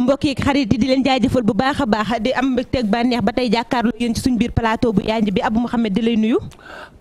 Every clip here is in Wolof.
mbokk yi xarit yi di leen jaajëfal bu baax a baax di am mbégteeg bànneex ba tey jàkkaarloo yéen ci suñu biir plateau bu yanj bi Abou Mouhamed di lay nuyu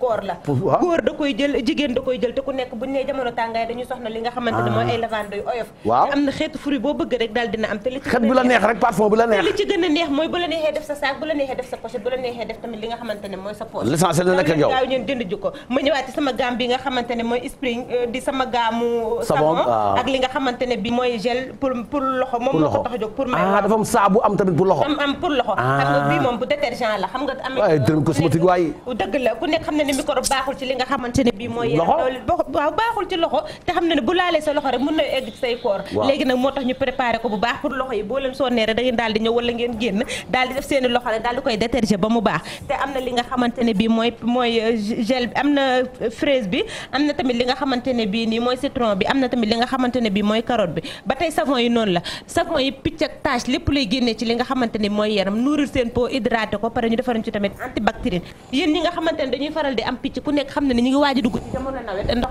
koor la góor da koy jël jigéen da koy jël te ku nekk bu ñu jamono tàngaay dañu soxla li nga xamante mooy ah. ay lavande oyof waaw am na xeetu fruit boo bëgg rek daal dina am te li ci gën a neex mooy bu la neexee def sa saak bu la neexee def sa poche bu mooy ma ñëwaat ci sama euh, gel pour loxo moom moo ko tax a jóg pour ah dafa am saabu am tamit pour loxo am am pour loxo xam nga ah. bii moom bu détergent la xam nga am dërëm cosmétique waay dëgg la ku nekk xam ne ne micro baaxul ci li nga xamante ne bii mooy waaw baaxul ci loxo te da ngeen daal di ñëw wala ngeen génn daal di def seen i loxo rek ba mu baax te am na li nga xamante ne bii mooy mooy euh, gel bi am na euh, fraise bi am na tamit li nga xamante ne bii nii mooy citron bi am na tamit li nga xamante ne bii mooy carotte bi ba tey savon yi noonu la savon yi picc ak tache lépp lay génnee ci li nga xamante ne mooy yaram nourrir seen peau hydraté ko pare ñu defarañ ci tamit antibactérine yéen ñi nga xamante dañuy faral di am picc ku nekk xam ne ne ñu ngi waaj a dugg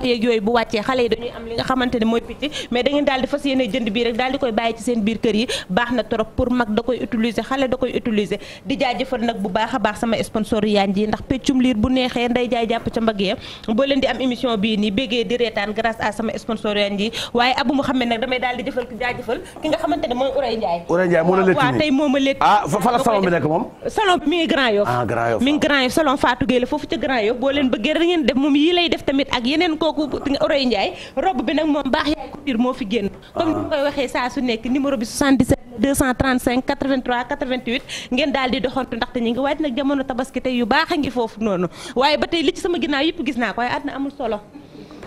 yooyu bu wàccee xale yi dañuy am li nga xamante ne mooy picc mais da ngeen daal di fas jënd bii rek daal koy bàyyi ci seen biir kër yi baax na trop pour mag da koy utiliser xale da koy utiliser di jaajëfal nag bu baax a baax sama sponsor yaan ndax peccum liir bu neexee nday jaay jàpp ca mbagg boo leen di am émission bii nii bégee di reetaan grâce à sama sponsor yaan waaye abu Mouhamed nag boo leen bëggee da ngeen def moom yii lay def tamit ak yeneen kooku Oroy Ndiaye robe bi nag moom baax yaay couture moo fi génn ah. comme ni koy waxee saa su nekk numéro bi 77 235 83 88 ngeen daal di doxantu ndaxte ñu ngi waaj nag jamono tabaski tey yu baax a ngi foofu noonu waaye ba tey li ci sama ginnaaw yëpp gis naa ko waaye na amul solo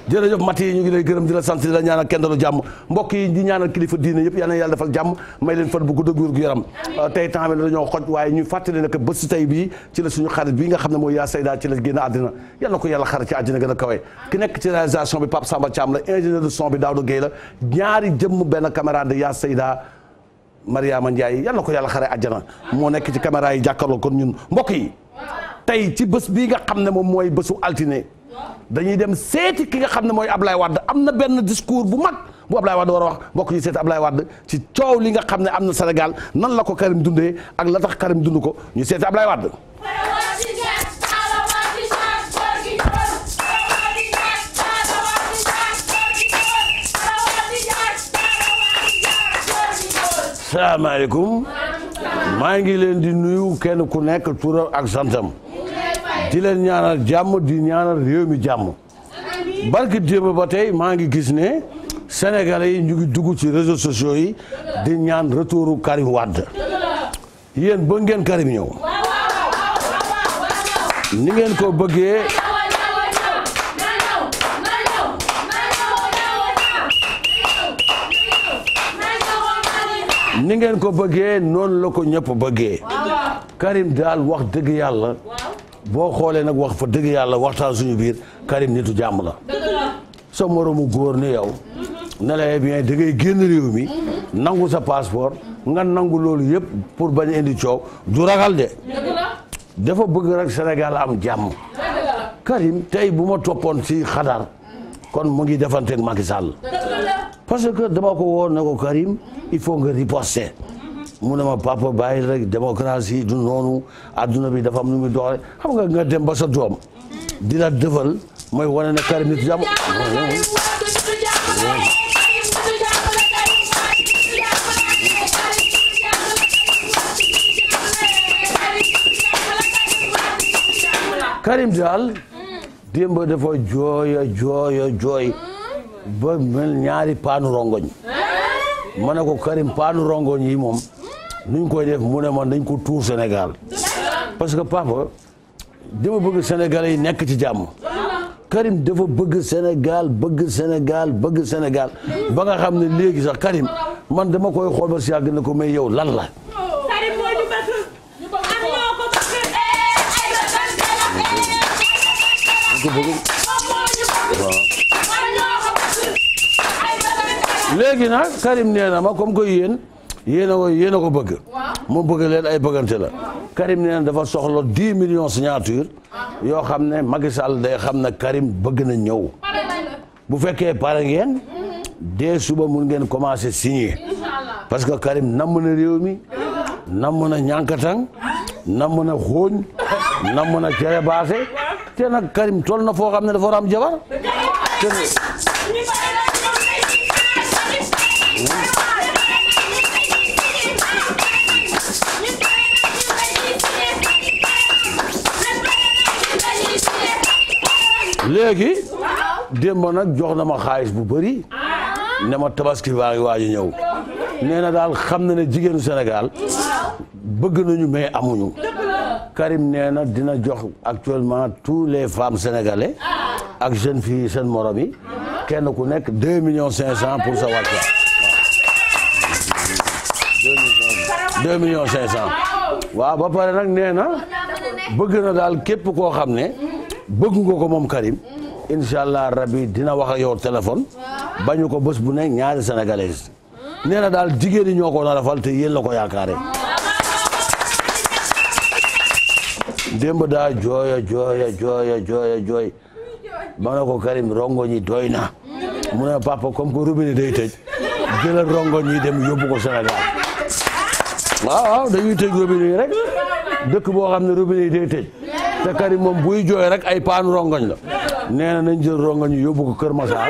jërëjëf Mati ñu ngi lay gërëm di la sant di la ñaanal kenn dalu jàmm mbokk yi di ñaanal kilifa diine yëpp yal na yàlla defal jàmm may leen fan bu gudd ak wér gu yaram euh, tey temps bi dañoo xoj waaye ñu fàttali ne bii ci la suñu xarit bii nga xam ne mooy yaa sayda ci la génn àddina yal na ko yàlla xarit ci àddina gën a kawe ki nekk ci réalisation bi Pape Samba Thiam la ingénieur de son bi Daouda Gueye la jëmm benn caméra de yaa sayda Mariama Ndiaye yal na ko yàlla xare àjjana moo nekk ci caméra yi jàkkaarloo kon ñun mbokk yi tey ci bés bii nga xam ne moom mooy bésu altine dañuy dem seeti ki nga xam ne mooy Ablaye wadd am na benn discours bu mag bu Ablaye Wade war wax mbokk yi seet Ablaye Wade ci coow li nga xam ne am na senegal nan la ko Karim dundee ak la tax Karim dund ko ñu seeti Ablaye Wade. salaamaaleykum maa ngi leen di nuyu kenn ku nekk turam ak santam. di leen ñaanal jàmm di ñaanal réew mi jàmm barki démb ba tey maa ngi gis ne sénégalais yi ñu ngi dugg ci réseaux sociaux yi di ñaan retouru Karim Wade yéen ba ngeen Karim ñëw ni ngeen ko bëggee ni ngeen ko bëggee noonu la ko ñëpp bëggee Karim daal wax dëgg yàlla boo xoolee nag wax fa dëgg yàlla waxtaan suñu biir Karim nitu jàmm la sa moromu góor ne yow ne la eh bien da ngay génn réew mi mhm. nangu sa passeport nga nangu loolu yëpp pour bañ indi coow du ragal de dafa bëgg rek senegal am jàmm Karim tey bu ma toppoon si xadar mhm. kon mu ngi defanteeg Macky Sall parce que dama ko woon ne ko Karim il faut nga riposter mu ne ma papa bàyyi rek démocratie du noonu adduna bi dafa am nu muy doxale dem ba sa doom di defal mooy wane na Karim nit jàmm Karim daal démb dafa jooy jooy jooy ba mel ñaari paanu rongoñ ma ne ko Karim paanu rongoñ yi moom nu ko koy def mu ne man dañ ko tuur Sénégal parce que papa dama bëgg Sénégalais yi nekk ci jàmm Karim dafa bëgg Sénégal bëgg Sénégal bëgg Sénégal ba nga xam ne léegi sax Karim man dama koy xool si yàgg na ko mais yow lan la. léegi nag Karim nee na ma comme que yéen a ko yéen a ko bëgg. mu bëgg leen ay bëggante la. Karim nee na dafa soxla dix millions signature ah. yoo xam ne Macky Sall day xam ne Karim bëgg na ñëw. bu fekkee pare ngeen. Mm-hmm. dès suba mun ngeen commencé signer. parce que Karim namm na réew mi. namm na ñànkatang. namm na xooñ. namm na cere baase. te nag Karim tol na foo xam ne dafa war am jabar. léegi démb nag jox na ma xaalis bu bëri ah. ne ma tabaski waayu waayu ñëw nee na daal xam na ne jigéenu Sénégal bëgg nañu mais amuñu Karim nee na dina jox actuellement tous les femmes sénégalais ah. ak jeunes fi seen morom yi uh-huh. kenn ku nekk deux millions cinq cent pour sa wàcc deux millions cinq waaw ba pare nag nee na bëgg na daal képp koo xam ne mm-hmm. bëgg nga ko moom Karim mm-hmm. incha allah dina wax ak yow téléphone bañu ko bés bu ne ñaari sénégalaise nee na daal jigéen ñi ñoo ko nar a fal te yéen la ko yaakaare démb daa jooya jooya jooya jooya jooy ma ne ko Karim rongo ñi doy na mu ne papa comme que robinet day tëj jëlal rongo ñi dem yóbbu ko Sénégal waaw waaw dañuy tëj robinet yi rek dëkk boo xam ne robinet yi day tëj te Karim moom buy jooy rek ay paanu rongoñ la nee na nañ jël rongañ ñu yóbbu ko Kër Massar.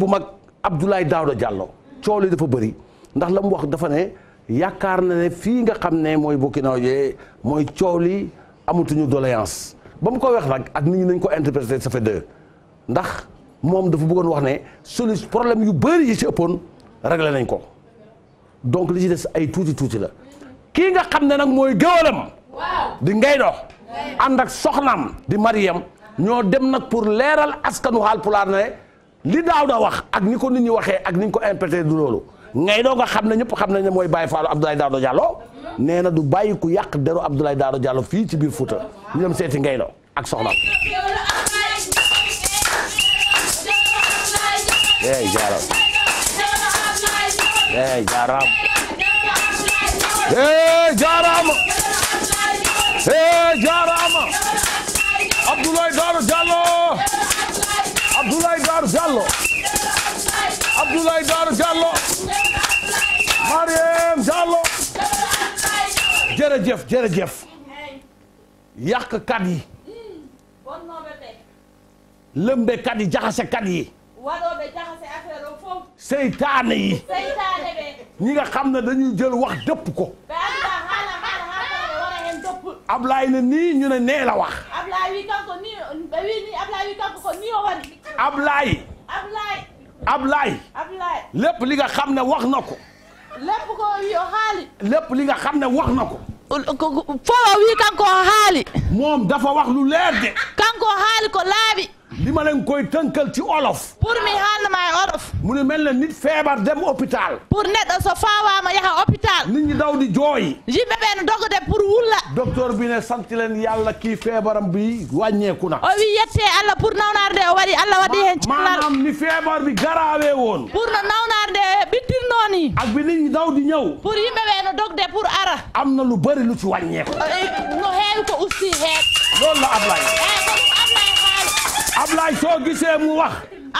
bu mag Abdoulaye Daouda Diallo coow li dafa bëri ndax la mu wax dafa ne yaakaar na ne fii nga xam ne mooy na yee mooy coow li amatuñu doléance ba mu ko weex nag ak nit ñi nañ ko interprété ça fait ndax moom dafa buggoon wax ne solution problème yu bëri yi ci ëppoon réglé nañ ko donc li ci des ay tuuti tuuti la kii nga xam ne nag mooy géwalam di ngay dox ànd ak soxnaam di Mariam ñoo dem nag pour leeral askanu Haalpulaar ne li daaw da wax ak ni ko ni ñi waxee ak ni ñu ko impété du loolu ngay nga xam ne ñëpp xam nañ ne mooy Baye Fallou Abdoulaye Daouda Diallo nee na du bàyyi ku yàq deru Abdoulaye Daouda Diallo fii ci biir Fouta ñu dem seeti ngay ak soxna eey eey jaaraam eey jaaraam eey jaaraam Abdoulaye Daouda Diallo Abdoulaye Daouda Diallo Abdoulaye Daouda Diallo Mariam Diallo jërëjëf jërëjëf yàqkat yi lëmbekat yi jaxasekat yi seytaane yi ñi xam ne dañuy jël wax dëpp ko Ablaye na nii ñu ne nee la wax. Ablaye wi kanko nii nii Ablaye wi kanko ko nii o wari. Ablaye. Ablaye. Ablaye. lépp li nga xam ne wax na ko. lépp ko wi o haali. lépp li nga xam ne wax na ko. foofa wi kanko o haali. moom dafa wax lu leer de. kanko o haali ko laabi. li ma leen koy tënkal ci olof. pour mi haalnama e olof. mu ne mel na nit feebar dem hôpital. pour neɗɗo so faawaama yaha hôpital. nit ñi daw di jooyi. yimɓe ɓe no dogde pour wulla. docteur bi ne sant leen yàlla kii bi wàññeeku na. o wi yettee Allah pour nawnaare de o waɗi Allah waɗi heen. maanaam ni di ñëw. pour am na lu bari lu ci wàññeeku. Eh, Ablaye soo gisee mu wax.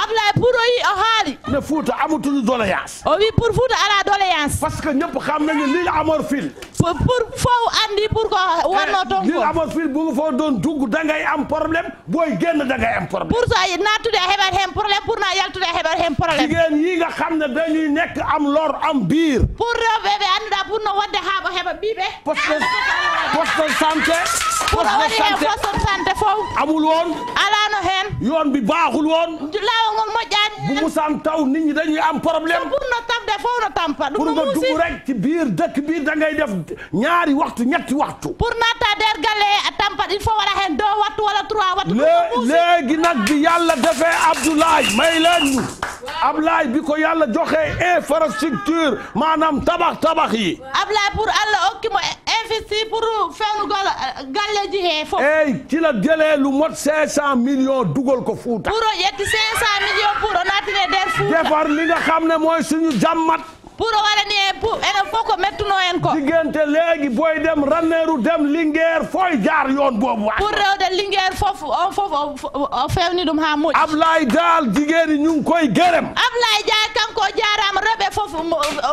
Ablaye pour yi o haali. ne Fouta amatuñu doléance. o wi pour Fouta ala doléance. parce que ñëpp xam nañu l'île Amorphile. pour pour foo andi pour ko warnoo toon ko. Eh, l'île Amorphile bu nga foo dugg dangay am problème booy génn dangay am problème. pour naa tuddee a heɓat heen problème pour naa nga xam ne dañuy nekk am lor am biir. pour rewɓe ɓe annduɗa pour no wonde haa ɓo heɓa ɓiɓe. poste poste santé. poste santé pour o amul woon. alaa no heen. yoon bi baaxul woon laawol mojjaan bu musaan taw nit ñi dañuy am problème pour no tam de foof no tampa pour nga dugg rek biir dëkk biir da ngay def ñaari waxtu ñetti waxtu pour naata der gale a tampa il faut wara hen deux waxtu wala trois waxtu léegi nag bi yàlla defee Abdoulaye may leen ñu Ablaye bi ko yàlla joxe infrastructure maanaam tabax tabax yi. Ablaye pour Allah okki mo investi pour feeñu gala gàlle ji hee foofu. ey ci la jëlee lu mot 500 dugal ko Fuuta. pour yetti 500 millions pour on a tiré der Fuuta. defar li nga xam ne mooy suñu jàmmat. pour o en pour enen eh, fof ko mettuno en ko diggante léegi boy dem ranneeru dem linguére foy jaar yoon boobu waa pour rewde linguére fof o oh, oh, oh, fewni ɗum ha moƴƴi Ablaye Daal jigéen ñi ñu ngi koy gërëm Ablaye Dial kanko jaarama rewɓe fof uh,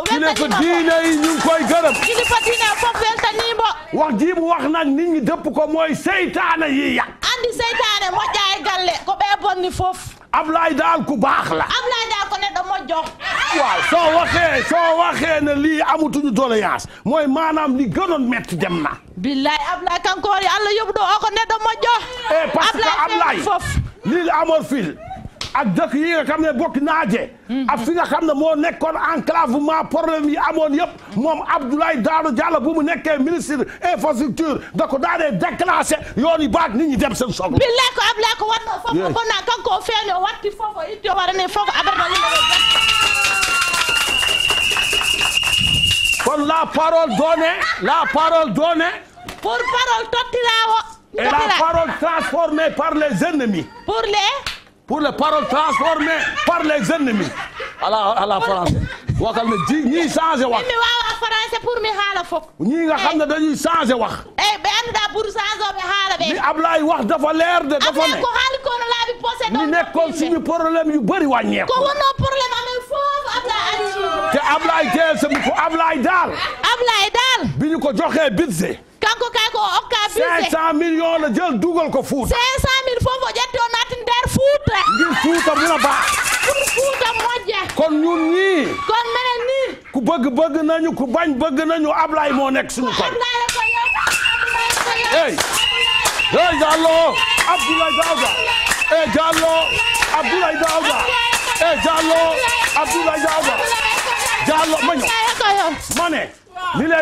weltanima ko diine yi ñu ngi dëpp ko mooy seytaane yi andi seytaane moƴƴa galle ko ɓe bonni fof Ablaye daal ku baax la. Ablaye daal ko ne dama waaw soo waxee soo waxee ne lii amatuñu doléance mooy maanaam li gënoon métti dem na. billaay Ablaye kankoor yi yóbbu doo ko ne dama jox. Ablaye eh, parce que lii la amoon ak dëkk yi nga xam ne bokk naaje ak fi nga xam ne moo nekkoon enclavement problème yi amoon yëpp moom Abdoulaye Daouda Diallo bu mu nekkee ministre infrastructure da ko daanee déclenché yoon yi baat nit ñi dem seen soxla billaay ko Abdoulaye ko watno fofo ko naa kanko feeño watti fofo idde warane fofo kon la parole donnée la o et la les ennemis pour les paroles transformées par les ennemis ala ala français waxal na ji ñiy mi wawa français mi haala fof ñii nga xam ne dañuy changé wax eyyi eh, ɓe annduɗa pour change wax dafa leer dafa ne ko haali ko no problème yu bëri wàññeeku ko wonno problème amen foof Ablaye acci te Ablaye ko Ablaye daal daal bi ñu ko joxee budget kanko kay ko okka budget 500 millions la jël dugal ko fuut 500 mille foof o ƴetti o Fuuta. ngir Fuuta mun a baax. pour Fuuta kon ñun nii. ku bëgg bëgg nañu ku bañ bëgg nañu Ablaye moo nekk suñu kaw. Ablaye ko yow. Ablaye ko yow. hey Diallo Abdoulaye Daouda. hey Diallo Abdoulaye Daouda. hey Diallo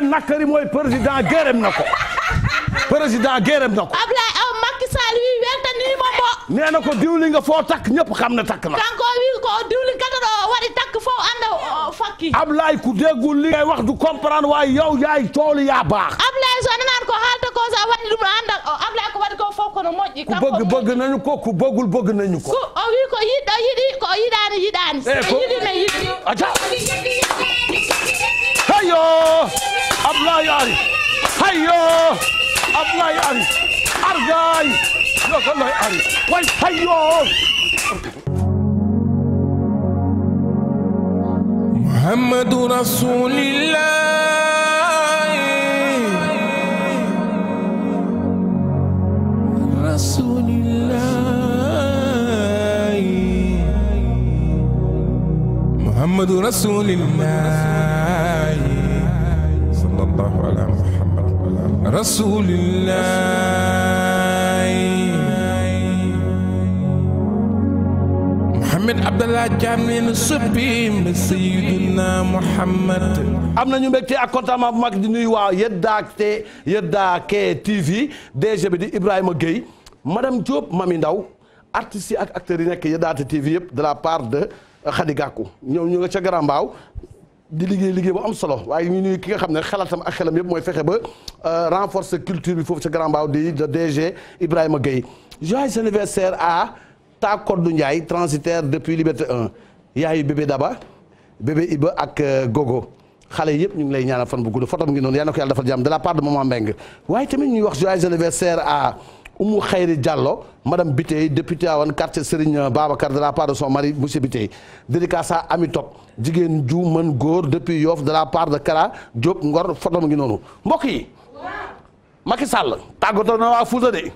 nakari mooy président gërëm na ko. wi weltani momo nee na ko diwli nga foo takk ñëpp xam na takk na kanko wi ko diwli kataɗo waɗi takk fo anda uh, fakki Ablaye ku déggul li ngay wax du comprendre waaye yow yaay toolu yaa baax Ablaye so nanaan ko haalta ko sa waɗi ɗum anda uh, Ablaye ko waɗi ko fof moƴƴi ku bëgg bëgg nañu ko ku bëggul bëgg nañu o uh, wi ko yiɗɗo yiɗi ko yiɗani yiɗi eh, ne yiɗi aca hayo ari hayo Ablaye ari argay loo ko looy ari way hayyoo muhammadu rasulillahi rasulillahi muhammadu rasulillahi sallallahu ala muhammad rasulillah Ahmed Abdallah Thiam nee na soppeem ba Sayyiduna Muhammad am nañu mbégte ak kontaan bu mag di nuy waa Yeddaake Yeddaake TV DG bi di Ibrahima Gueye madame Diop mami Ndaw artistes ak acteurs yi nekk Yeddaate TV yëpp de la part de euh, Khady Gakou ñoom ñu nga ca Grand di liggéey liggéey bu am solo waaye ñu ki nga xam ne xalaatam ak xelam yëpp mooy fexe ba euh, renforcer culture bi foofu ca Grand Mbao di DG Ibrahima Gueye joyeux anniversaire à. taa Koddu Ndiaye transitaire depuis Liberté 1 yaayu bébé Daba bébé Iba ak euh, Gogo xale yëpp ñu ngi lay ñaanal fan bu gudd foto mu ngi noonu yal na ko yàlla defal jàmm de la part de maman Mbengue waaye tamit ñuy wax joyeux anniversaire à Oumou Khayri Diallo madame Biteye député awan quartier Serigne Babacar de la part de son mari monsieur Biteye dédicace à Ami Top jigéen ju man góor depuis Yoff de la part de Kara Diop Ngor foto mu ngi noonu mbokk yi. Macky Sall tàggatoo na waa Fouta de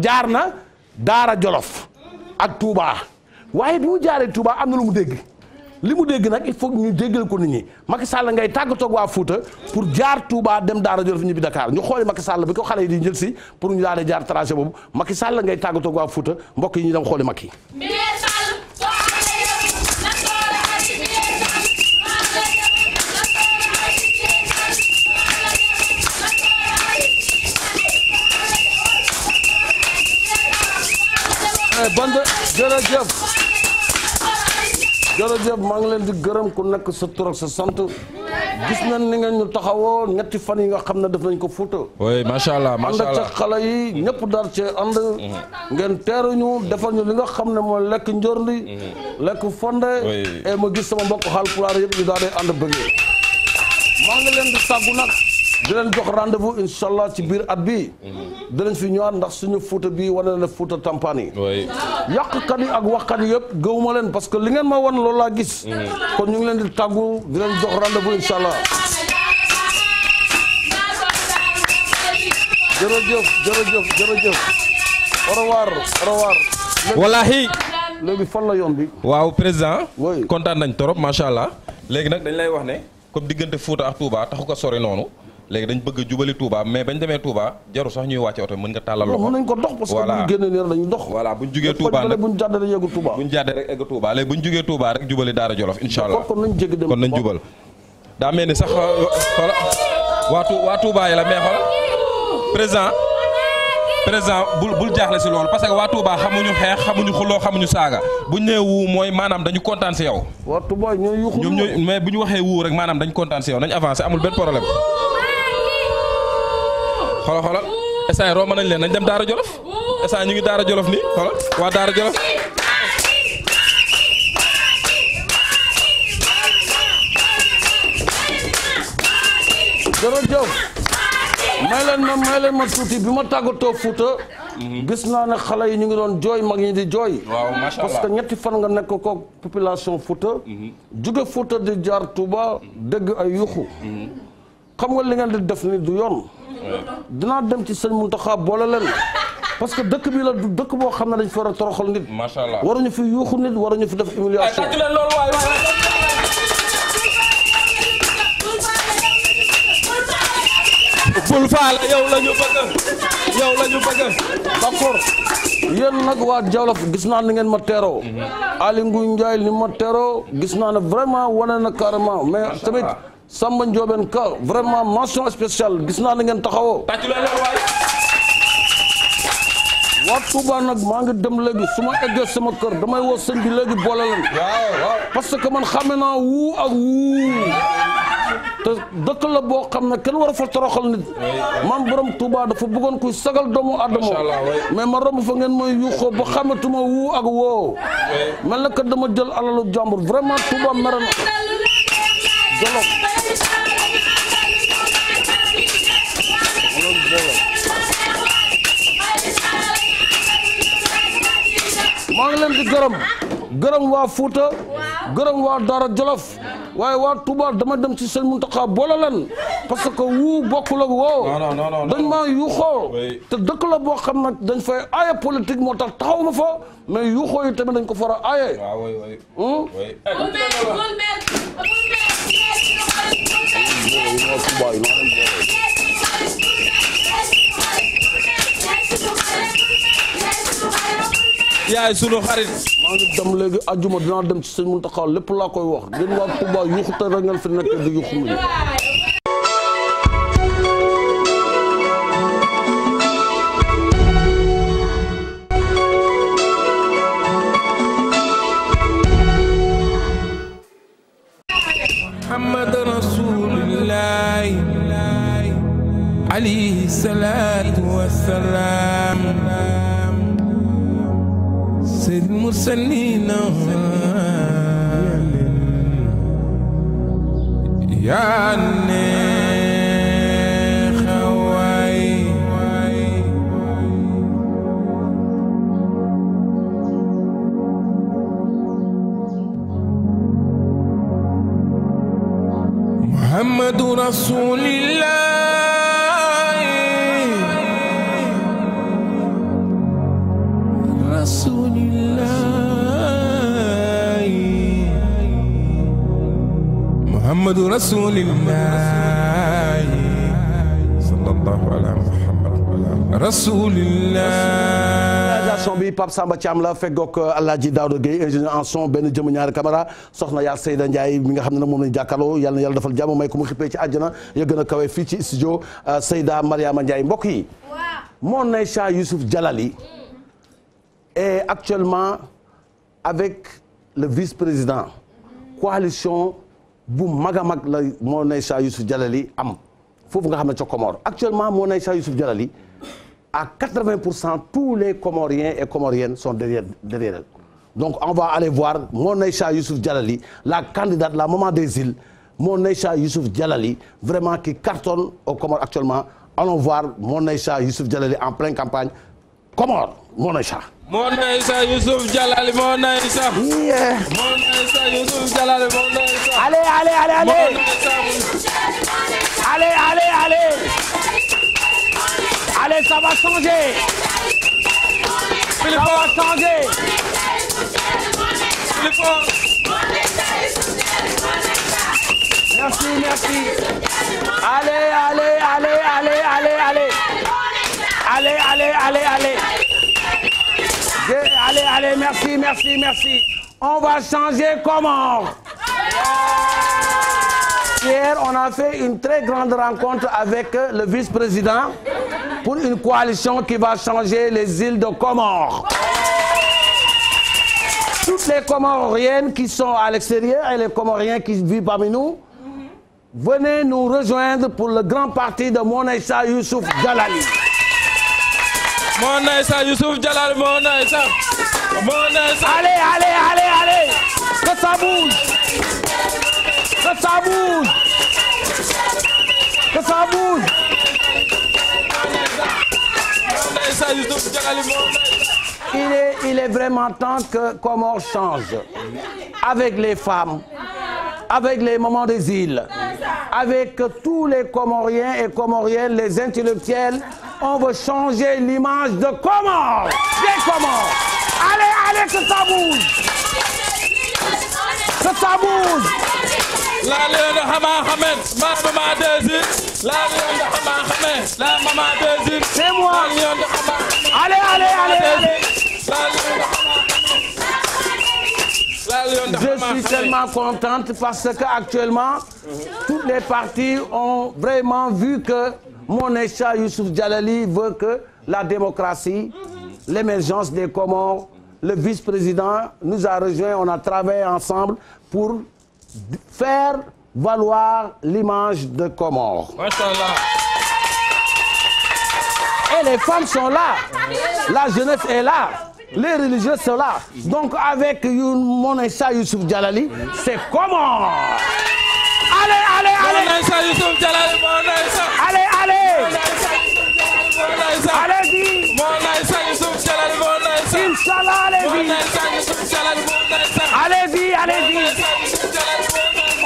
jaar na. daara jolof ak Touba waaye bi mu jaaree Touba am na lu mu dégg li mu dégg nag il faut ñu déggal ko nit ñi Macky Sall ngay tàggatoog waa Fouta pour jaar Touba dem Daara Jolof ñibbi Dakar ñu xooli Macky Sall bi ko xale yi di jël si pour ñu daal di jaar trajet boobu Macky Sall ngay tàggatoog waa Fouta mbokk yi ñu dem xooli Macky Eh, bande jërëjëf jërëjëf maa ngi leen di gërëm ku nekk sa tur sa sant gis nañ ni ngeen ñu taxawoo ñetti fan yi nga xam ne def nañ ko Fuuta. oui macha allah macha xale yi ñëpp daal cee ànd. Mhm. ngeen ñu defal ñu li nga xam ne mooy lekk njorndi. Mhm. lekk fonde. et eh, ma gis sama mbokk Haalpulaar yëpp ñu daal di ànd bëggee. maa ngi leen di sàggu di leen jox rendez-vous ci biir at bi mm-hmm. dinañ fi ñëwaat ndax suñu fuuta bii wane na fuuta tampaan yi yàqkat yi ak waxkat yi yëpp gëwuma leen parce que li ngeen ma wan loolu laa gis mm-hmm. kon ñu ngi leen di tàggu di leen jox rendez-vous incha allah jërëjëf jërëjëf jërëjëf au revoir au revoir wallaahi léegi fan la yoon bi waaw président kontaan nañ torop macha allah léegi nag dañ lay wax ne comme diggante Fuuta ak Touba taxu ko sori noonu léegi dañ bëgg a jubali Touba mais bañ demee Touba jaru sax ñuy wàcce oto mën nga tàllal loxo nañ ko dox parce que bu ñu génne neer dañu dox voilà buñ jugee jàddee rek Jolof incha allah kon nañ jubal daa mel ni sax euh, xoola waa waa Touba yi la mais xoola président président bul bul jaaxle si loolu parce que waa Touba xamuñu xeex xamuñu xuloo xamuñu saaga buñ nee wuu mooy maanaam dañu kontaan si yow waa Touba ñoom ñooy mais bu ñu waxee wuu rek maanaam dañ kontaan si yow nañ avancé amul benn problème xoolal xoolal instant romb nañ leen nañ dem Daara Jolof instant ñu ngi Daara Jolof nii xoolal waa Daara Jolof. jërëjëf may leen ma tuuti bi ma tàggatoo Fuuta gis naa ne xale yi ñu ngi doon jooy mag ñi di jooy waaw macha parce que ñetti fan nga nekk ko population Fuuta mhm. jóge Fuuta di jaar Touba dégg ay yuxu mhm. xam nga li ngeen di def ni du yoon dinaa dem ci sëñ Muntaxa boole leen parce que dëkk bii la du dëkk boo xam ne dañ fi war a nit macha allah waruñu fi yuuxu nit waruñu fi def humiliation bul faala yow la ñu bëgg yow la ñu bëgg d'accord yéen nag waa gis naa ni ngeen ma teeroo mhm. Aly Ngouille Ndiaye ni ma teeroo gis naa ne vraiment wane na carrément mais tamit Samba Ndiobène Ka vraiment mention spéciale gis naa na ngeen taxawoo. waa Touba nag maa ngi dem léegi suma ma eggee sama kër damay woo sëñ bi léegi boole leen. waaw waaw parce que man xame naa wuu ak wuu te dëkk boo xam ne kenn war a fa toroxal nit. maam borom Touba dafa bëggoon kuy sagal doomu Adama. mais ma romb fa ngeen mooy yuuxoo ba xamatuma wuu ak woo. mel na que dama jël alalu jàmbur vraiment Touba mere jolof maa ngi leen di gërëm gërëm waa Fuuta gërëm waa Daara Jolof waaye waa Touba dama dem ci sëñ Muntaxa boole leen wuu bokkul woo dañ maa yuuxoo te dëkk la boo xam ne dañ fay aaye politique moo tax taxaw ma fa mais yuuxoo yi tamit dañ ko far a aaye hmm? yaay sunu xarit. maa ngi dem léegi àjjuma dinaa dem ci sëñ Mountakha lépp laa koy wax ngeen waa Touba yuuxu te ngeen nekk di yuuxu alayhi salaatu wassalaam sayyidil mursaliin yaa neex waay Muhammadu Rasulillah محمد رسول الله صلى الله على محمد رسول الله réalisation bi Pape Samba Thiam la feggoog euh, Alaaji Daouda Gueye ingénieur en son benn jëm ñaari caméra soxna yaa Seyda Ndiaye mi nga xam ne nag moom lañu jàkkaarloo yàlla na yàlla defal jàmm may ko mu xippee ci àjjana ya gën a kawe fii ci studio euh, Seyda Mariama Ndiaye mbokk yi mon Aïcha Youssouf Jalali mm. est actuellement avec le vice-président coalition bu mag a mag la Mawlaana Yuusuf Jalali am foofu nga xam ne ca Comore actuellement Mawlaana Yuusuf Jalali à 80 pour cent tous les Comoriens et Comoriennes sont derrière derrière elle donc on va aller voir Mawlaana Yuusuf Jalali la candidate la maman des îles Mawlaana Yuusuf Jalali vraiment qui cartonne aux Comores actuellement allons voir Mawlaana Yuusuf Jalali en pleine campagne Comore Monaisa. Monaisa Yusuf Jalali Monaisa. Yusuf Jalali Monaisa. Allez, allez, allez, allez. Monaisa. Allez, allez, allez. Allez, ça va changer. Ça allez, allez, merci, merci, merci. On va changer comment Hier, on a fait une très grande rencontre avec le vice-président pour une coalition qui va changer les îles de Comores. Toutes les Comoriennes qui sont à l'extérieur et les Comoriens qui vivent parmi nous, venez nous rejoindre pour le grand partie de Monaïsa Youssouf Galali. moo nay sa Youssouf Jalal moo nay allez allez allez que ça bouge que ça bouge que ça bouge il est vraiment temps que Comores change avec les femmes avec les mamans des îles avec tous les Comoriens et Comoriennes les intellectuels on veut changer l'image de Comores. Des Comores. Allez, allez, que ça bouge. Que ça bouge. La lion de Hama Hamed, ma maman Désir. La lion de Hama Hamed, la maman Désir. C'est moi. La lion de Hama Allez, allez, allez, allez. La lion de Hama je suis tellement contente parce que actuellement toutes les parties ont vraiment vu que Mon Aïcha Youssouf Djalali veut que la démocratie, l'émergence des Comores, le vice-président nous a rejoints, on a travaillé ensemble pour faire valoir l'image de Comores. Et les femmes sont là. La jeunesse est là. Les religieux sont là. Donc avec Mon Aïcha Youssouf Djalali, c'est Comores. allez, allez, allez, allez, allez, allez-y,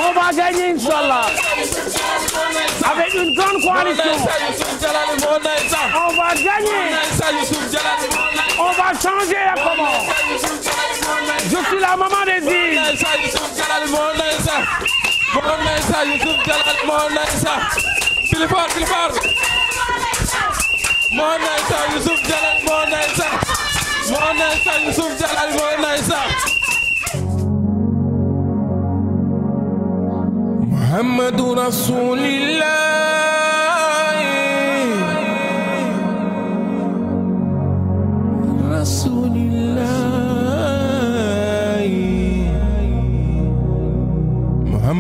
on va gagner, Inch'Allah. Avec une grande coalition, on va gagner. On va changer la commande. Je suis la maman des îles. moo nay sa Youssouf Jalal moo nay sa Bilfoor Bilfoor moo nay sa Youssouf Jalal moo nay sa moo nay sa Youssouf Jalal moo nay sa Muhammadu Rasulillah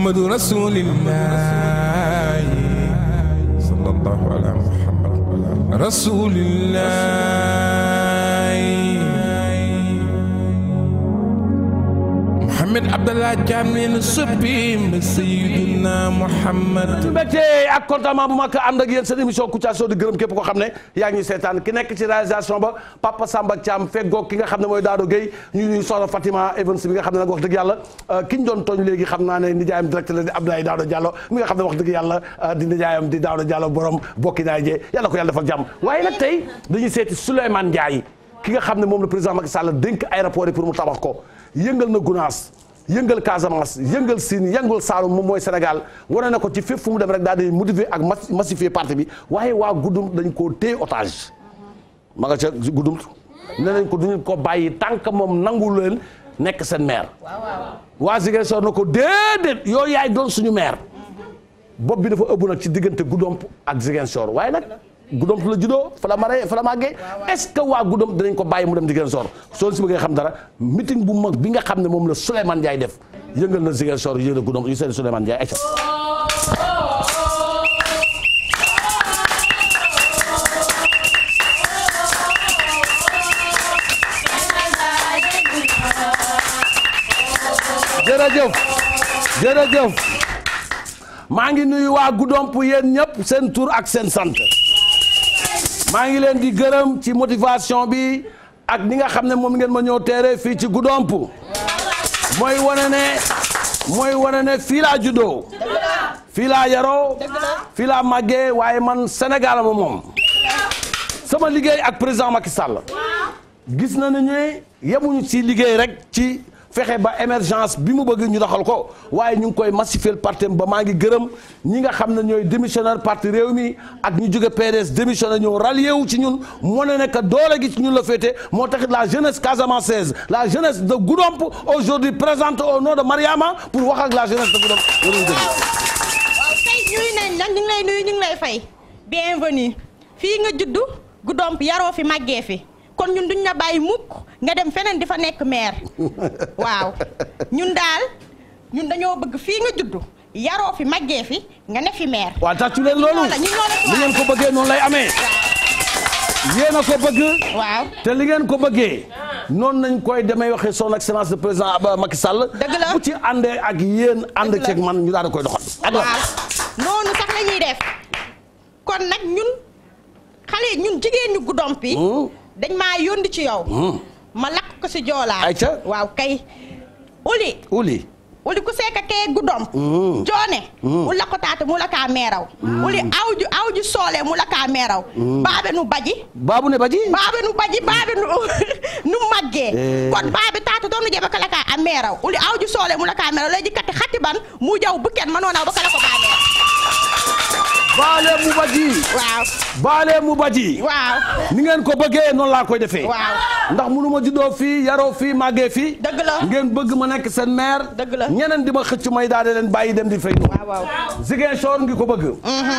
محمد رسول الله صلى الله على محمد رسول الله Ahmed Abdallah Thiam nee na soppeem ba Seydina Muhammad. mbégte ak contentement bu mag ànd ak yéen seen émission Kouthia Show di gërëm képp koo xam ne yaa ngi seetaan ki nekk ci réalisation ba Papa Samba Thiam feggoog ki nga xam ne mooy Daado Gueye ñu ñuy soxla Fatima Evans bi nga xam ne nag wax dëgg yàlla euh, ki ñu doon tooñ léegi xam naa ne nijaayam direct la di Abdoulaye Daado Diallo mi nga xam ne wax dëgg yàlla euh, di nijaayam di Daado Diallo borom bokki naay jee yàlla ko yàlla defal jàmm waaye nag tey dañuy seeti Souleymane Ndiaye ki nga xam ne moom la président Macky Sall dénk aéroport yi pour mu tabax ko yëngal na Gunaas yëngal Casamance yëngal Sine yëngal Saalum moom mooy Sénégal wane na ko ci fépp fu mu dem rek daal di motiver ak massifier parti bi waaye waa guddum dañ koo téye otage ma nga ca guddum ne nañ ko duñu ko bàyyi tànk moom nangu leen nekk seen maire waa Ziguinchor na ko déedéet yooyu yaay doon suñu maire bopp bi dafa ëbb nag ci diggante guddomp ak Ziguinchor waaye nag Goudomp la juddoo fa la maree fa la màggee waa Goudomp dinañ ko bàyyi mu dem Ziguinchor soo si bëggee xam dara meeting bu mag bi nga xam ne moom la Souleymane Ndiaye def yëngal na Ziguinchor yëngal na Goudomp yu seen Souleymane maa ngi nuyu waa Goudomp yéen ñëpp seen tur ak seen sant maa ngi leen di gërëm ci motivation bi ak ni nga xam ne moom ngeen ma ñëw teere fii ci Goudomp mooy wane ne mooy wane ne fii laa juddoo fii laa yaroo fii laa màggee waaye man Sénégal ma moom sama liggéey ak président Macky Sall gis na ne yemuñu ci liggéey rek ci fexe ba émergence bi mu bëgg ñu doxal ko waaye ñu ngi koy massifier parti ba maa ngi gërëm ñi nga xam ne ñooy démissionnaire parti réew mi ak ñu jóge PDS démissionnaire ñëw rallié wu ci ñun moo ne nekk doole gi ci ñun la féete moo taxit la jeunesse casamançaise la jeunesse de Goudomp aujourd'hui présente au nom de Mariama pour wax ak la jeunesse de Goudomp waruñu dégg. waaw tey ñuy nañ la ñu ngi ñu ngi lay fay bienvenue fii nga juddu Goudomp yaroo fi màggee fi kon ñun duñ la bàyyi mukk nga dem feneen di fa nekk maire waaw ñun daal ñun dañoo bëgg fii nga juddu yaroo fi màggee fi nga ne fi maire. waaw tàccu leen loolu li ngeen ko bëggee noonu lay amee. yéen ko bëgg. waaw te li ngeen ko bëggee. noonu nañ koy demee waxee son excellence le président Aba Macky Sall. dëgg ci ak yéen ànd ceeg ñu daal di koy doxal. ak sax la def kon nag ñun xale ñun jigéen ñu guddoom hmm. bi. dañ maa yónni ci yow. Hmm. ma lakk ko si joolaa. waaw kay. uli uli. uli ku seeka kee guddoom mm-hmm. joone mm-hmm. u ko taate mu la kaa meeraw mm-hmm. uli awju awju mu la meeraw baabe nu baji ne baji baabe nu baji baabe nu maggee eh. kon baabe taate doon nu jebe ko la a meeraw uli awju soole mu la kaa meeraw leegi kati xati mu jaw bukken ma noona ba ko la ko baale mu baji waaw baale mu baji waaw ni ngeen ko bëggee noonu laa koy defee waaw ndax mënu ma juddoo fii yaroo fii màggee fii dëgg la ngeen bëgg ma nekk seen maire dëgg la ñeneen di ma xëcc may daal leen bàyyi dem di fay no waaw Ziguinchor ngi ko bëgg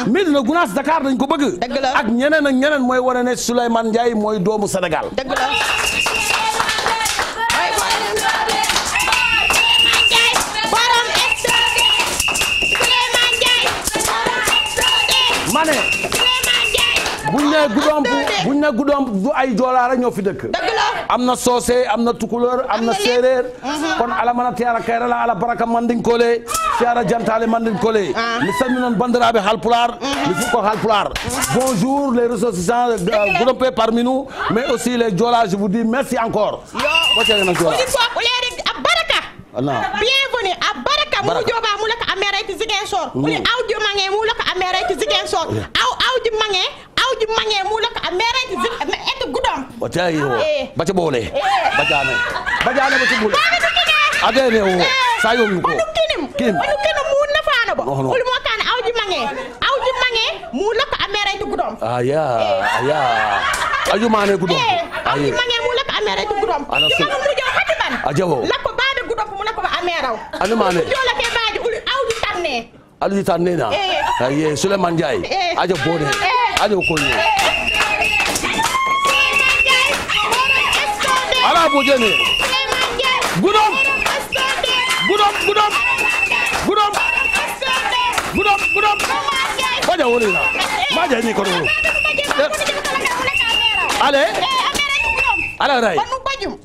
Medina mhm. Gounass Dakar dañ ko bëgg dëgg la ak ñeneen ak ñeneen mooy wane ne Souleymane Ndiaye mooy doomu senegal dëgg ma ne. buñ ne Goudomp buñ ne Goudomp du ay joolaa ñoo fi dëkk. am na soose am na tukulóor am na séeréer. Uh-huh. kon ala mana tiara kayra la ala baraka mandin kole ah. tiara jantaale mandin kole mi ah. salminon bandiraɓe halpular mi uh-huh. ko halpular uh-huh. bonjour les ressortissants Goudompe euh, parmi nous mais aussi les joolaa je vous dis merci encore bo ceegena joola baraka mu jooba mu laka amera ti Ziguinchor mu ne audio maŋee mu la ko a meere ti Ziguinchor aw aw ji maŋee aw ji maŋee mu la ko a meere ti eti Goudomp wata yo eh. ba ci boole eh. ba jaane ba jaane ba ci boole agene wo sa yo ko kinim wonu kinim mu nafaano bo ul mo tane aw ji maŋee aw ji maŋee mu la ko a meere ti Goudomp aya ah, aya ah, ayu maane Goudomp aw ji maŋee eh. ah, mu la ko a meere ti Goudomp ana so a jawo la ko baade Goudomp mu la ko a meeraw ana maane aɗa ta nena aye souleymane ndiaye aja bone aja koye ala bojene gudom gudom gudom gudom gudom gudom maja wonena maja ni kono ale ala ray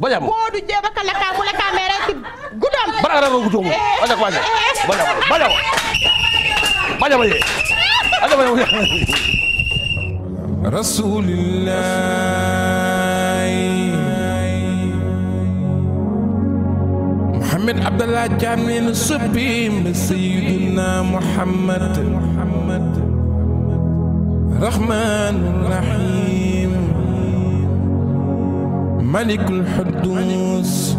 bajam modu jeba kala ka mula kamera ti gudom bara gudom aja kwaje bajam Baja baje. Baja baje. Rasulillah Muhammad Abdallah Jamil Subim Sayyidina Muhammad Muhammad Rahman Rahim Malik al-Hudus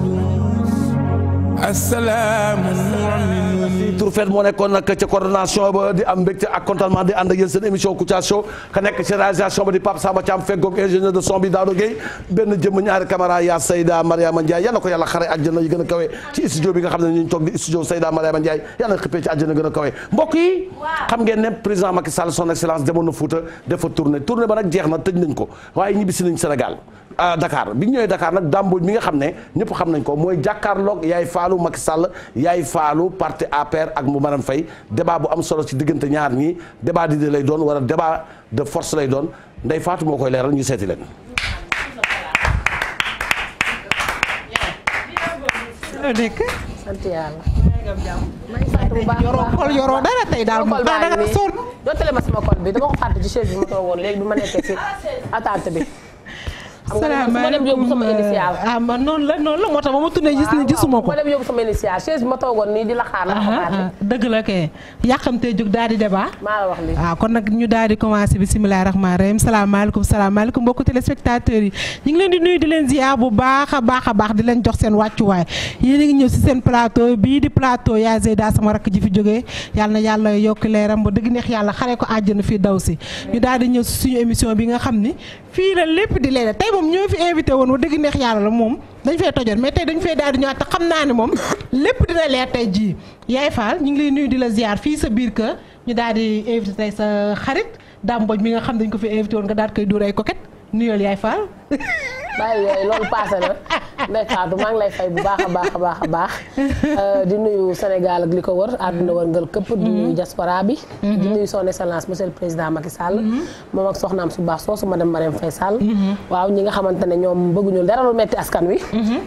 السلام المؤمن si Tour Fête moo nekkoon nag ca coordination ba di am mbégte ak contentement di ànd ak yéen seen émission Kouthia Show ka nekk ci réalisation ba di Pape Samba Thiam feggoog ingénieur de son Daado Gueye benn jëmm ñaari caméra yaa Seyda Mariama Ndiaye yal ko yàlla xare àjjana yi a kawe ci studio bi nga xam ne ñu toog di studio Seyda Mariama Ndiaye yal na xippee ci àjjana gën a kawe mbokk yi xam ngeen ne président Macky Sall son excellence na Fouta defa tournée tournée na tëj nañ ko Dakar bi ñu ñëwee Dakar nag dàmbuj mi nga xam ne ñëpp xam nañ ko mooy jàkkaarloog yaay faalu Macky Sall yaay faalu parti APR ak mu Marème Faye débat bu am solo ci diggante ñaar ñii débat d'idées lay doon walla débat de force lay doon Ndeye Fatou moo koy leeral ñu seeti leen. yoroo xol yoroo dara tey daal moom dara dara salaamaaleykum euh, ah man noonu la noonu la moo tax ba ma tourné ko. ma dem yóbbu sama la xaar. Ah, ah, ah, dëgg la kay daal di débat. maa la kon nag ñu daal di commencé bisimilah rahmaani rahim salaamaaleykum salaamaaleykum mbokki téléspectateurs yi. ñu ngi leen di nuyu di leen ziar bu baax a baax a di leen jox seen wàccuwaay yéen a ngi ñëw si seen plateau bii di plateau yaa Zeyda sama rakk ji fi jógee yàlla yàlla yokk leeram ba dëgg neex yàlla xare ko na fii daw si. ñu daal di ñëw si suñu émission bi nga xam ni fii la lépp di leeral moom ñoo fi invité woon wax dëgg neex yàlla la moom dañ fee tojoon mais tey dañ fee daal ñoo ñëwaat te xam naa ne moom lépp dina leer tey jii yaay Fall ñu ngi lay nuyu di la ziar fii sa biir kër ñu daal di invité tey sa xarit Dame mi nga xam dañ ko fi invité woon nga daal koy dóor ay coquette nuyool yaay Fall bàyyi yooyu loolu paase na ndeykaatu maa lay fay bu baax a baax a baax a baax euh, di nuyu Sénégal ak li ko war wër àdduna wërngal këpp di nuyu diaspora bi mhm. di nuyu son excellence monsieur le président Macky Sall mhm. moom ak soxnaam su baax soosu madame Marième Faye mhm. waaw ñi nga xamante ne ñoom bëgguñu dara lu metti askan wi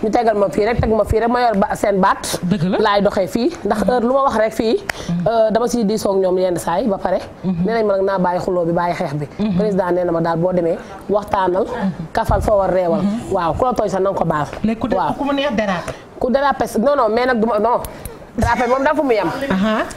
ñu tegal ma fii rek teg ma fii rek ma yor ba seen baat laay doxee fii ndax heure lu ma wax rek fii euh, dama si di soog ñoom yenn saay ba pare nee nañ ma nag naa bàyyi xuloo bi bàyyi xeex bi président nee na ma daal boo demee waxtaanal kafal foo war reewal waaw ku la tooñ sax na nga ko baal. waaw ku mu neex dara. ku dara pes non non mais nag du ma non rappel moom dafa muy am.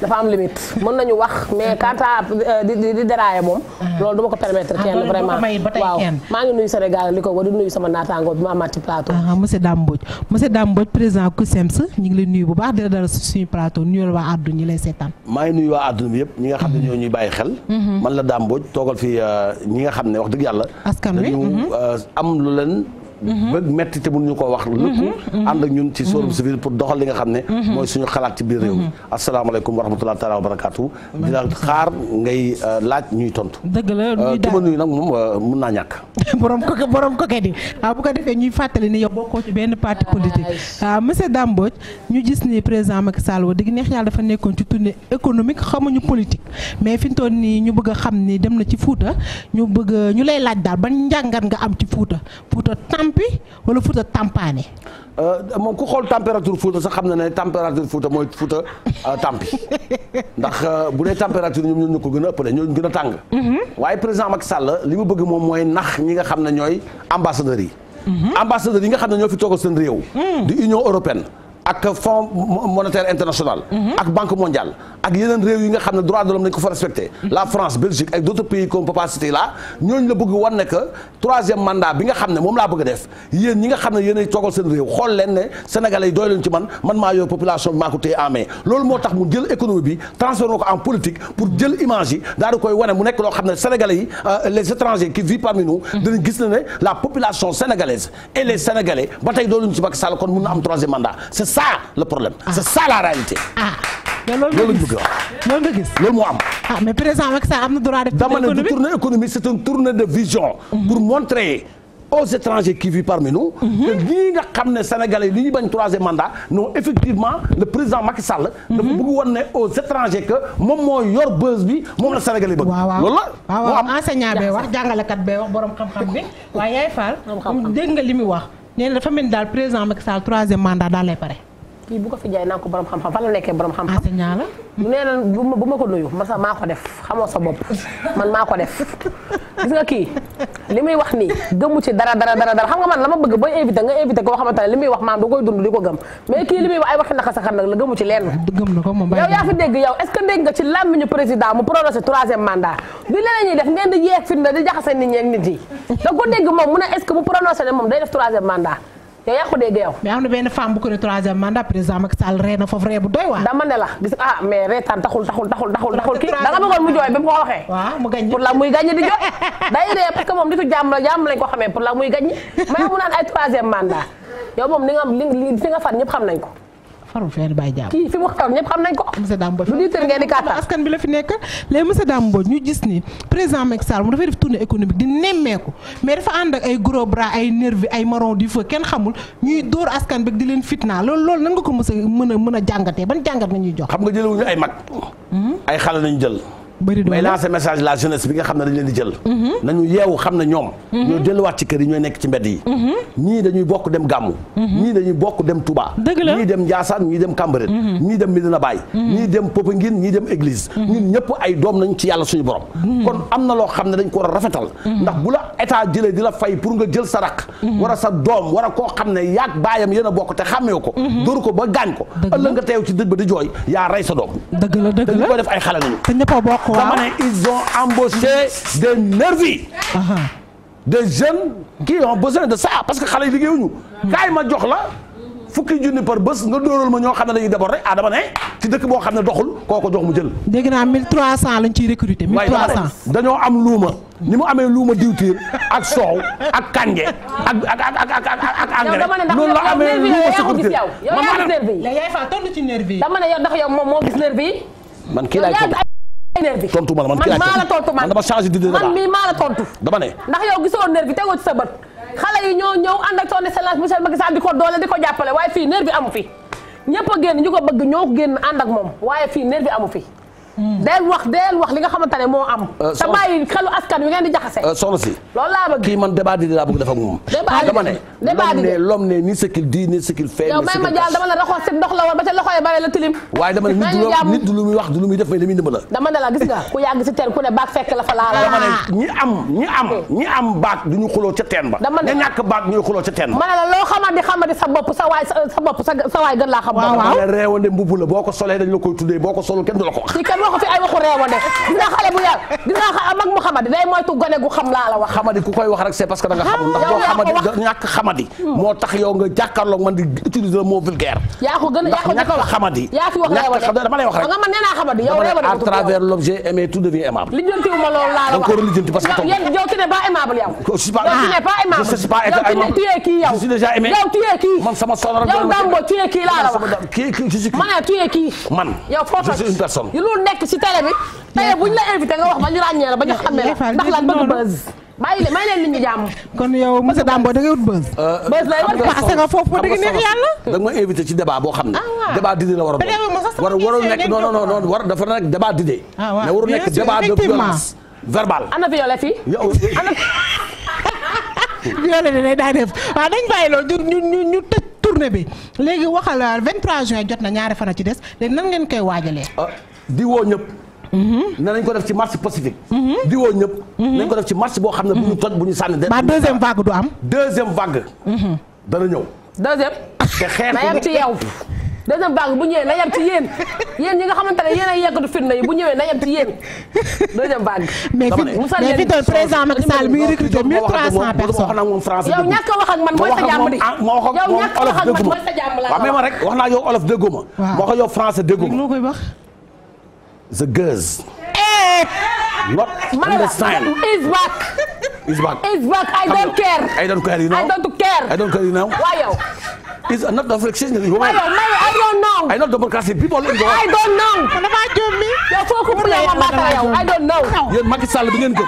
dafa am limite mën nañu wax mais quant euh, di di moom. loolu duma ko permettre ah, kenn maa ngi nuyu Sénégal li ko war di nuyu sama naataango bi ma amaat ci plateau. monsieur Dame Mbodj monsieur Dame Mbodj président CUSEMS ñu ngi lay nuyu bu baax di la dalal suñu plateau nuyuwal waa àdduna ñi lay seetaan. maa ngi nuyu waa àdduna bi yëpp ñi nga xam ne ñoo ñuy bàyyi xel. Mhm. man la Dame Mbodj toogal fi euh, ñi nga xam ne wax dëgg yàlla. askan wi mhm. euh, am lu Mm-hmm. ba metti te mënuñu koo wax lëkku mm-hmm. Mm-hmm. ànd ak ñun ci forum civil pour doxal li nga xam ne mooy suñu xalaat ci biir réew mi asalaamaaleykum wa rahmatullahi taala wa barakaatu di la xaar ngay euh, laaj ñuy tontu dëgg la euh, ki ma nuyu nag moom euh, mun naa ñàkk borom ko borom koke di ah, bu ko defee ñuy fàttali ni yow bokkoo ci benn parti politique waaw ah, ah, monsieur Dame Mbodj ñu gis ni président Macky Sall wa dëgg neex yàlla dafa nekkoon ci tournée économique xamuñu politique mais fi mu toll nii ñu bëgg a xam ni dem na ci Fouta ñu bëgg ñu lay laaj daal ban njàngat nga am ci Fouta Fouta tampi wala Fouta tampaane. Euh, moom ku xool température Fouta sax xam na ne température Fouta mooy Fouta euh, tampi ndax euh, bu dee température ñoom ñoo ñu ko gën a ëppale ñoo ñu gën a tàng. Mhm. waaye président Macky Sall li mu bëgg moom mooy nax ñi nga xam ne ñooy ambassadeurs yi. Mhm. ambassadeurs yi nga xam ne ñoo fi toogal seen réew. Mm. di Union européenne. ak fonds monétaire international. Mhm. ak banque mondiale ak yeneen réew yi nga xam ne droit de l'homme nañu ko fa respecté. Mhm. la France Belgique ak d' pays comme Papa Cité là la bëgg wan ne que mandat bi nga xam ne moom laa bëgg a def yéen ñi nga xam ne yéenay toogal seen réew xool leen ne sénégalais yi doy leen ci man man maa yor population bi maa ko téye en loolu moo tax mu jël économie bi ko en politique pour jël image yi daal di koy mu nekk loo xam ne sénégalais yi euh, les étrangers mhm. la population sénégalaise et les sénégalais ba tey doy nañu ci ça le problème. Ah. c' est ça la réalité. ah mais loolu la ñu bëgg wax. loolu nga gis loolu moo am. ah mais président Macky Sall am na droit def. dama ne du tournée économique c' est de vision. Mhm. pour montrer. aux étrangers qui vivent parmi nous te mhm. ñii nga xam ne sénégalais yi li ñu bañ troisième mandat non effectivement le président Macky Sall dafa mhm. bëgg woon ne aux étrangers que moom moo yor buzz bi moom la sénégalais bëgg loolu la waaw waaw enseignant bee wax jàngalekat bee wax borom xam-xam bi waaye yaay Fall dégg nga li mu wax nee na dafa mel ni daal président Macky kii bu ko fi jaay naa ko borom xam la nekkee borom xam-xam. man sax def xamoo sa nga kii li muy wax nii gëmu ci dara dara dara dara nga man la ma bëgg booy invité nga invité koo xamante ne li muy wax maam da koy ko gëm mais kii li muy wax ay waxi naka nag la gëmu ci lenn. gëm na ko moom yow yaa fi dégg yow est ce que dégg nga ci làmmiñu président mu prononcé troisième mandat bi leneen ñuy def ngeen di yeeg firnde di jaxase nit ñi ak nit yi da ko dégg moom mu ne est mu prononcé ne yow yaa ko dégg yow. mais am na benn femme bu ko ne troisième mandat président Macky Sall foofu ree bu doy waar. dama ne gis ah mais reetaan taxul taxul taxul taxul kii da nga bëggoon mu jooy bi mu ko waxee. waaw mu gañ pour la di jooy day ree parce que moom nitu jàmm la jàmm lañ ko xamee pour la muy gañ may mu naan ay troisième mandat yow moom li nga li fan ñëpp xam nañ ko. farul fenn bàyyi jàmm. kii fi mu waxtaan ñëpp xam nañ ko. monsieur Dame Mbodj lu ngeen di kàttan askan bi la fi nekk léegi monsieur Dame Mbodj ñu gis ni président Macky Sall mu dafay def tournée économique di nemmeeku mais dafa ànd ak ay gros bras ay nervi ay marron du feu kenn xamul ñuy dóor askan bi di leen fitnaa lool lool nan nga ko mës a mën a mën a jàngatee ban jàngat ñuy jox. xam nga jëlewuñu ay mag. Hmm? ay xale nañu jël. bëri may lancer message la jeunesse bi nga xam ne dañ leen di jël. Mhm. nañu yeewu xam ne ñoom. Mhm. ñoo delluwaat ci kër yi ñooy nekk ci mbedd yi. Mhm. ñii dañuy bokk dem Gàmmu. ñii dañuy bokk dem Touba. dëgg la ñii dem Ndiassane ñii dem Cambérène. ñii dem Medina Baye. ñii dem Popenguine ñii dem église. ñun ñëpp ay doom nañ ci yàlla suñu borom. kon am na loo xam ne dañ ko a rafetal. ndax bu la état jëlee di la fay pour nga jël sa rak. wara sa doom war koo xam ne yaag baayam yéen a bokk te xàmmee ko. dóor ko ba gaañ ko. ëllëg nga teew ci dëj ba di jooy yaa rey sa doom. dëgg la dëgg dama ne ils ont embauché des nervis des jeunes qui ont besoin de ça parce que xale yi liggéeyuñu kaay ma jox la fukki junni par bés nga dóoral ma ñoo xam ne dañuy déborder ah dama ne ci dëkk boo xam ne doxul koo ko jox mu jël. dégg naa 1300 lañ ciy recruter. 1300 dañoo am luuma. ni mu amee luuma diwtiir ak soow ak kànje ak ak ak ak ak engrais noonu la amee luuma sécurité. yow dama ne ndax yow nervi yow yaa gis moom moo gis nervi yi. man kii laay tontu nervi tontu ma la man kii maa la man dama changé di man mii maa tontu dama ne ndax yow gisoo nervi tegoo ci sa bët xale yi ñoo ñëw ànd ak son excellence monsieur Macky Sall di ko doole di ko jàppale waaye fii nervi amu fi ñëpp a génn ñu ko bëgg ñoo génn ànd ak moom waaye fii nervi amu fi Mm. deel wax deel wax li nga xamante ne moo am. Euh, te bàyyi xelu askan wi ngeen di jaxase. Euh, soxna si loolu laa bëgg kii man débat di laa bëgg dafa moom. débat di dama ne. débat di l'homme ne ni ce qu'il dit ni ce qu'il fait. yow may ma jaal ba ca loxo yi bare la tilim. waaye dama gis nga ku yàgg si teen ku ne baag fekk la fa laa. am ñi am ñi du ñu xuloo ca teen ba. dama ne ñàkk baag ñuy xuloo ca teen ba. ma ne la loo xamante xamante sa bopp sa bopp sa waay gën laa xam. waaw waaw reewande boo ko solee dañ la koy tuddee boo ko solul kenn waxu fi ay waxu réew a def gis nga xale bu yar gis nga xam mag mu xamadi day moytu gone gu xam laa la wax xamadi ku koy wax rek c'est parce que da nga xamul ndax boo xamadi ñàkk xamadi moo tax yow nga jàkkaarloog man di utiliser le mot vulgaire yaa ko gën a yaa ko ñàkk xamadi yaa fi wax réew a def dama lay wax rek nga man nee naa xamadi yow réew a def à travers l'objet aimé tout devient aimable lijjanti wu ma loolu laa la wax encore lijjanti parce que yow tu n'es pas aimable yow tu n'es pas aimable je suis pas aimable tu es kii yow je suis déjà aimé yow tu es kii man sama sonara yow dambo tu es kii laa la wax kii kii je suis man tu es kii man yow foo je suis une personne nekk ci télé bi tey bu ñu la invité nga wax ba ñu ràññee la ba ñu xamee la ndax lan bëgg buzz bàyyi leen may leen nit ñi jàmm kon yow monsieur Dambo da ngay wut buzz euh, buzz lay war parce que foofu ba dëgg neex yàlla da nga ma invité ci débat boo xam ne ah, débat d'idées la war a war warul nekk non non non war dafa nekk débat d'idées mais ah, warul nekk débat de violence verbale ana violé fii oh, eh. violé dinay daa def waaw dañ bàyyi loolu ñu ñu ñu tëj tournée bi léegi waxal 23 juin jot na ñaari fan a ci des léegi nan ngeen koy waajalee ah, di woo ñëpp. ne nañ ko def ci marche pacifique. di woo ñëpp. nañ ko def ci marche boo xam ne bu ñu toj bu ñu sànni. ba deuxième vague du am. deuxième vague. dana ñëw. deuxième. na yem ci yow. deuxième vague nga xamante ne yéen fitna yi bu ñëwee na yem ci yéen deuxième vague. mais fi mais président Macky Sall mi ngi recruté mille trois cent personnes. yow ñàkk a wax ak man mooy sa jàmm di. ma wax ak moom olof dégguma yow ñàkk a rek wax naa yow olof dégguma. the girls. Hey. Eh! not understand. is back. is back. is back. I don't care. I don't care you know. I don't care. I don't care you know. waaw yow. is not democracy is woman. Ayo, Mary, I don't know. I know democracy. People in the world. I don't know. dafa juum mi. yow foo ko bëggee ma maata yow. I don't know. yéen Macky Sall bi ngeen gëm.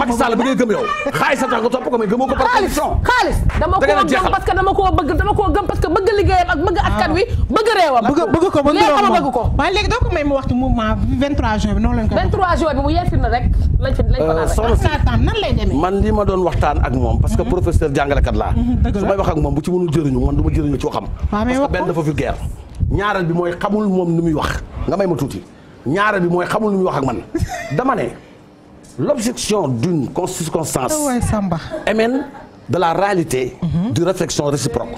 Macky Sall bi ngeen gëm yow. xaalis sa tànk topp ko mais gëmoo ko par condition. xaalis dama koo gëm parce que dama koo bëgg dama koo gëm parce que bëgg liggéeyam ak bëgg askan wi bëgg réewam. bëgg bëgg ko bëgg réewam moom bëgg ko. waaye léegi doo ko may mu wax ci mouvement 23 juin bi noonu lañ ko. 23 juin bi mu yeesi na rek lañ fi lañ fa euh, soxna nan lay demee man li ma doon waxtaan ak moom parce que mhm. professeur jàngalekat laa mhm, su may wax ak moom bu ci mënul jëriñu man du ma jël na ci waxam. parce que benn dafa vulgaire. ñaareel bi mooy xamul moom nu muy wax nga may ma tuuti ñaareel bi mooy xamul nu muy wax ak man dama ne l' objection d' une circonstance. waaw oh, waay de la réalité. Mmh. du réflexion réciproque.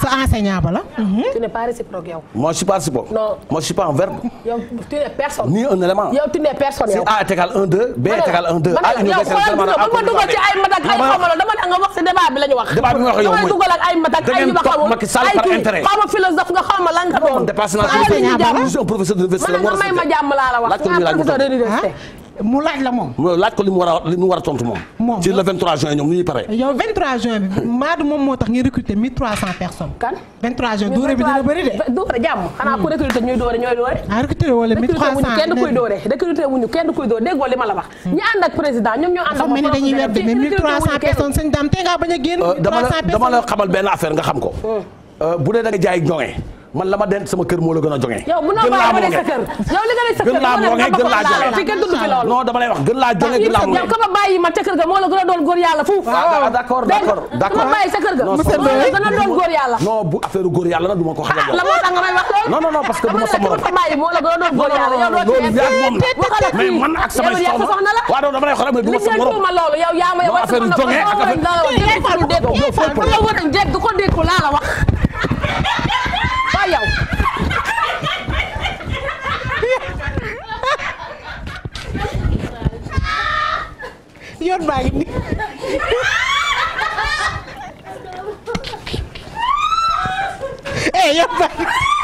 sa enseignant ba la. Mhm. tu n'es pas réciproque yow. moi je suis pas réciproque. non un verbe. yow tu n'es personne. un élément. yow tu n'es personne yow. si A égal 1 2. B égal 1 2. a yow xoolal dugg nga mën dugg ci ay matak ay xamal la dama nga wax si débat bi la ñu wax. débat nga wax yow mooy dama duggal ak ay matak ay ñu xamul ma philosophe nga xaw ma lan nga doon. dépassé naa je suis un professeur la ma may ma jàmm mu laaj la moom. laaj ko li mu war a li mu war a tontu moom. moom ci le juin ñoom ñuy paree. yow moom moo tax ñu recruter 1300 personnes. kan 23 doore bi dina bëri de. doore jàmm xanaa ku recruter ñuy doore ñooy doore. ah recruter li ma la wax. ñi ànd ak président ñoom ñoo ànd ak moom dañuy wer de mais 1300 personnes sëñ Dame tey ngaa bañ a génn. 1300 euh, personnes dama la xamal benn affaire nga xam ko. Euh, bu dee da nga jaay ñoŋe. man la ma denc sama kër moo la gën a jonge. yow mun naa bàyyi ba denc sa kër yow li nga denc sa kër moo la gën a jonge fi kenn dund fi loolu. non dama lay wax gën laa jonge gën laa mu yow ka ma bàyyi ma ca kër ga moo la gën a doon góor yàlla fuuf. waaw d'accord d'accord d'accord ma bàyyi sa kër ga. non moo la gën a doon góor yàlla. non bu affaire góor yàlla la du ma ko xajal. ah la moo tax nga may wax loolu. non non non parce que du ma sa morom. moo la gën a doon góor yàlla yow doo ci yegg mais man ak samay soxna waaw non dama lay xool mais du ma sa morom. yow yaa ma yow affaire jonge ak affaire dégg ko dégg ko laa la wax xanaa yow. yoon baa ngi nii. eh yoon baa ngi.